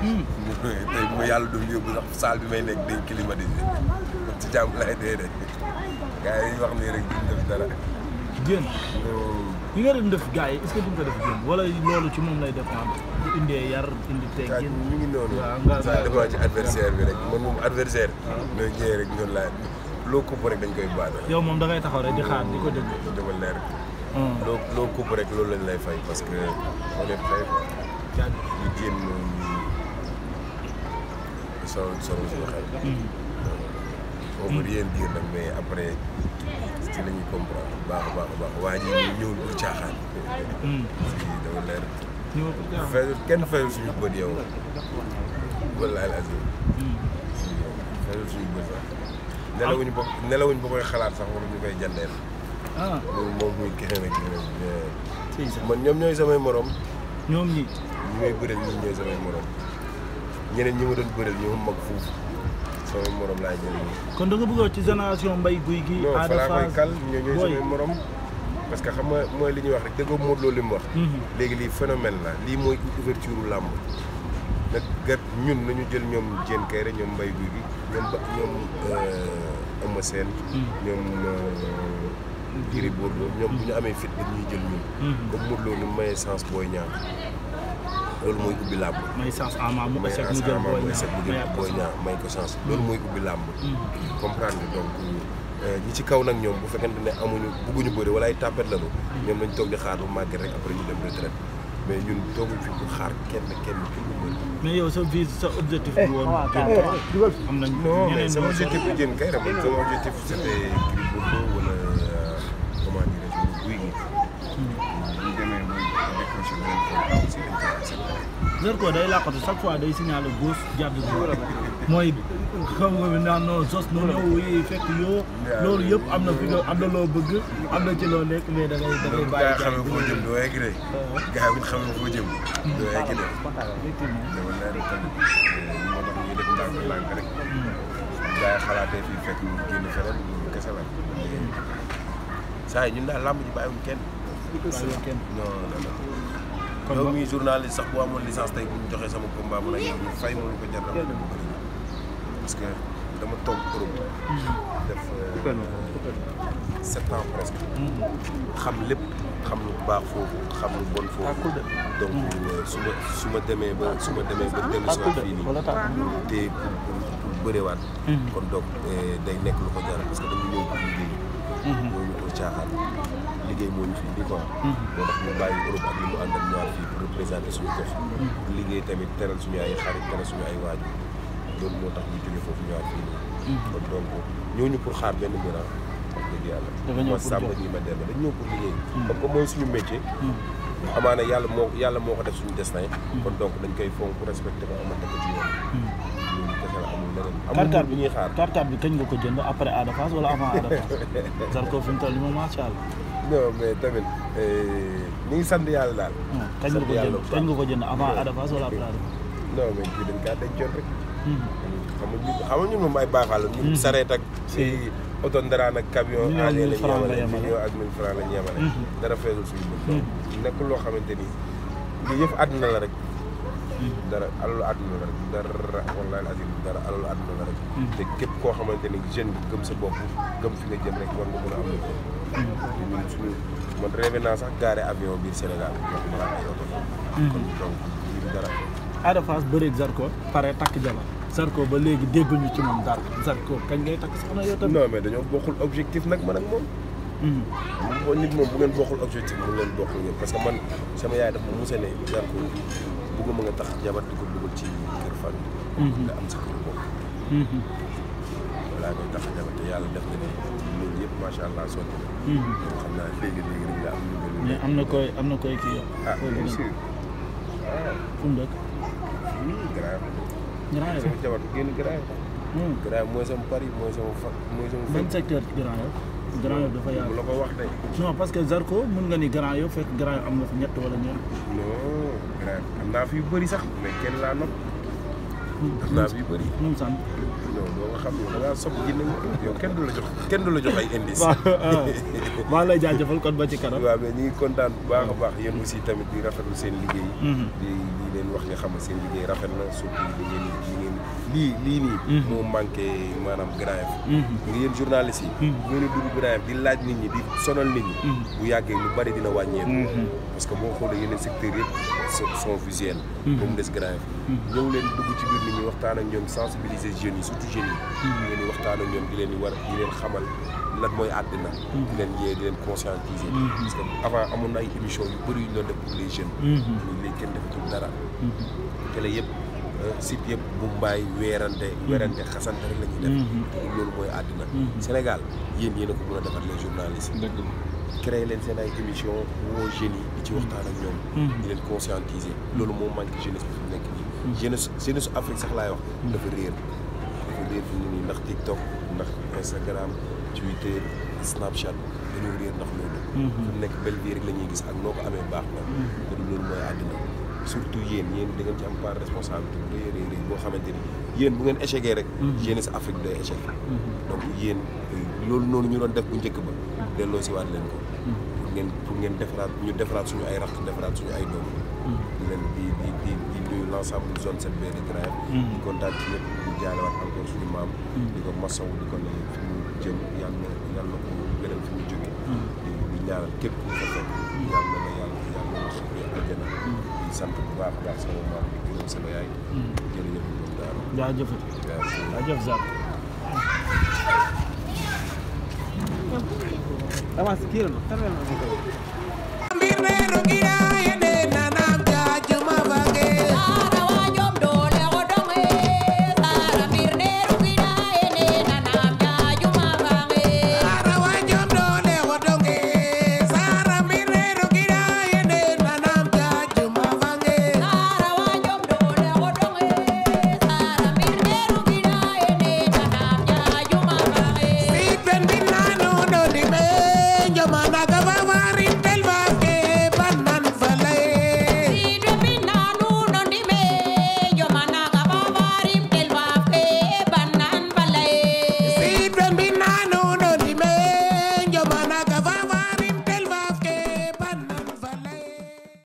tey bu ma yàlla doon yóbbu sax salle bi may nekk day climatisé kon ci jàmm laay dee de gars yi wax nii rek duñ def dara. génn. Oh. li nga doon def gars yi est-ce que duñ ko def génn wala loolu ci moom lay dépendre bu indee yar indi tey génn. mi ngi noonu ça dépend ci adversaire bi rek man moom adversaire. Ah. nooy ñëwee rek ñun laaj loo kupp rek dañ koy baal. yow moom da ngay taxaw rek di xaar di ko déglu. dama leer. Ah. loo loo kupp rek loolu lañ lay fay parce que on est prêt quoi. di génn. solo solo suñu xel. boobu mm. euh, rien dire nag mais après ci la ñuy comprendre baax a baax a baax waa ji ñëwul pour caaxaan. Mm. dama kenn fayal suñu bët yow. wallaahi al azim. Mm. fayal suñu bët sax. nelawuñu ba nelawuñu ba xalaat sax wala ñu koy jandeel. ah loolu moom muy keneen ak keneen. man ñoom ñooy samay morom. ñoom ñi. ñi may bëreel ñoom ñooy samay morom. ñeneen ñi ma doon bëreel ñoo mag foofu sama morom laa jël kon da bëggoon ci génération mbay guy gi. non falaa koy kal ñoo ñooy samay morom. parce que xam nga mooy li ñuy wax rek dëggoo Modou Lo li mu wax. Mhm. léegi lii phénomène la lii mooy ouverture làmb nag gat ñun nañu jël ñoom Diène Kaïré ñoom mbay guy gi ñoom ba ñoom euh, Eumeu seen mhm. ñoom euh, Gris Bordeaux ñoom bu ñu amee fit dañuy jël ñun. Mhm. comme Modou Lo ni mayee sens booy ñaar. loolu mooy ubbi làmb. may chance Ama mu échec mu jël Boy Niang Boy Niang mm. mooy ubbi mm. euh, bu fekkente ne mm. rek après ñu dem retraite mais sa vie sa objectif. bu eh, am nañ. non mais sama objectif bu jën kay rek sama objectif c'était Zarko day làqatu chaque fois day signalé gauche jàpp mooy xam nga naan non jos na ñëw yi fekk yëpp am na fi am na loo bëgg am na ci loo nekk mais da ngay da foo jëm doo egg de gaa yi bu fii fekk ñu génn feneen ñu kese saa yi ñun daal làmb ji bàyyiwuñ kenn kon moom muy journaliste sax bu amoon licence tey bu ñu joxee sama combat mu ne ñu fay ma ko jar na ma parce que dama toog Europe. def euh, sept ans presque. xam lépp xam lu baax foofu xam lu bon foofu. donc euh, su ma su ma demee ba su ma demee ba dellu si fii nii te bëriwaat. Mhm. kon donc eh, day nekk lu ko jaral parce que dañu ñëw liggéey. Mhm. moo ñu ko caaxaan liggéey moo ñu mhm. moo tax ñu bàyyi Europe ak li mu tamit teral suñu ay xarit teral ay waajur loolu moo tax ñu jógee foofu ñëwaat pour xaar benn mbir ah wax dëgg yàlla. dafa ñëw pour jox ma sàmm ma dem dañ ñëw pour liggéey. comme que mooy suñu métier. amaana yàlla moo yàlla moo ko def suñu destin. kon donc dañ koy fonk respecté ko amante ko ci yoon. leneen. amul bi ñuy xaar bi kañ nga ko jënd après Ada Fass wala avant Ada Fass Zarko fi mu toll nii macha allah. non mais tamit eh, ñu ngi sant yàlla daal. Hmm, kañ nga ko jënd kañ ko jënd avant hmm. Ada Fass wala après Ada Fass. non mais kii dañ kaa hmm. moom ay baaxal ñun sareet ak si oto ndaraan ak camion aale lañ yemale million ak mille dara feesul suñu bët donc nekkul loo xamante ni lii yëf àdduna la rek dara alalu àdduna la rek dara wallahi azim dara alalu àdduna la rek hmm. te képp koo xamante ni jeune bi gëm sa bopp gëm fi nga jëm rek war nga mën na te ñun suñu man rêvé naa sax gaare avion biir Sénégal wax ma ay oto kon donc ñun ci moom dara Zarko kañ ngay takk soxna yow dañoo bokkul objectif nag man ak moom hmm. nit moom bu ngeen bokkul objectif mu leen bokkul ngeen parce que man sama yaay dafa musa ne Zarko bëgguma nga tax jabar di ko dugal ci kër famille mhm. nga am sa kër bopp mhm. laa koy tax a jabar te yàlla def na ne yëpp macha allah sotti na ñoo mhm. xam naa léegi léegi rek la am lu mel mais am na koy am na koy kii ah, dëkk grave grave sama jabar génn grave hmm. grave mooy sama Paris mooy sama fa mooy sama ban secteur grave Grand Yoff dafa la ko wax tey. non parce que Zarko mun nga ni Grand Yoff fekk Grand Yoff am nga fi ñett wala ñeent. non naa fi yu bëri sax mais kenn laa nopp. Hmm. am naa fi yu bëri. ñoom hmm, sant. non boo xam ne da ngaa sopp jinne yow kenn du la kenn du la jox ay indice. waaw maa lay jaajëfal kon ba ci kanam. waaw mais ñu ngi kontaan bu baax a baax yéen aussi tamit di rafetlu seen liggéey. Hmm. di di leen wax nga xam ne seen liggéey rafet na surtout di ngeen di ngeen. lii lii nii. Mhm. moo manqué maanaam Grand Yoff. nga mhm. yéen journaliste yi. Mhm. ñu ne dugg Grand Yoff di laaj nit ñi di sonal nit ñi. bu yàggee lu bari dina wàññeeku. parce que moo xoolee yeneen secteurs yëpp sont visuels. ba mu des Grand Yoff. leen dugg ci biir nit ñi waxtaan ak ñoom sensibiliser jeunes yi surtout jeunes yi. ñu waxtaan ak ñoom di leen di war di leen xamal. lan mooy àddina di leen yee di leen conscientiser parce que avant amoon na ay émission yu bëri yu ñu doon def pour les jeunes ñu léegi kenn dara télé yëpp site yëpp bu mbaay weerante mm-hmm. weerante xasante rek la ñuy def mm-hmm. loolu mooy àddina mm-hmm. Sénégal yéen yéen a ko mën a defar les journalistes créer leen seen ay émission woo jeunes yi di ci waxtaan ak ñoom di leen conscientiser loolu moo manque jeunesse bi fi mu nekk nii jeunesse jeunesse Afrique sax laay wax dafa réer dafa réer fi mu nii ndax TikTok ndax Instagram Twitter Snapchat dañoo réer ndax loolu fi nekk belle vie rek la ñuy gis ak noo ko amee baax na kon loolu mooy surtout yéen yéen da ngeen ci am part responsabilité bu rëy rëy boo xamante ni yéen bu ngeen échecgee rek jeunesse mhm. Afrique day échec mhm. donc yéen loolu noonu ñu doon def bu njëkk ba ah. delloo si waat leen ko mhm. ngeen pour ngeen defaraat ñu defaraat suñu ay rax defaraat suñu ay doom di leen di di di di zone 7B de Grand di kontaan ci ñëpp di jaalewaat encore suñu maam di ko masawu di ko ne fi mu jëm yàlla yàlla ko gënal fi mu di ñaanal képp ku fekk sant bu baax a baax sama maam di gërëm sama yaay. Hmm. jërëjëf Ndour Daara. jaajëfati jaajëf Zane. Hmm. avance kii la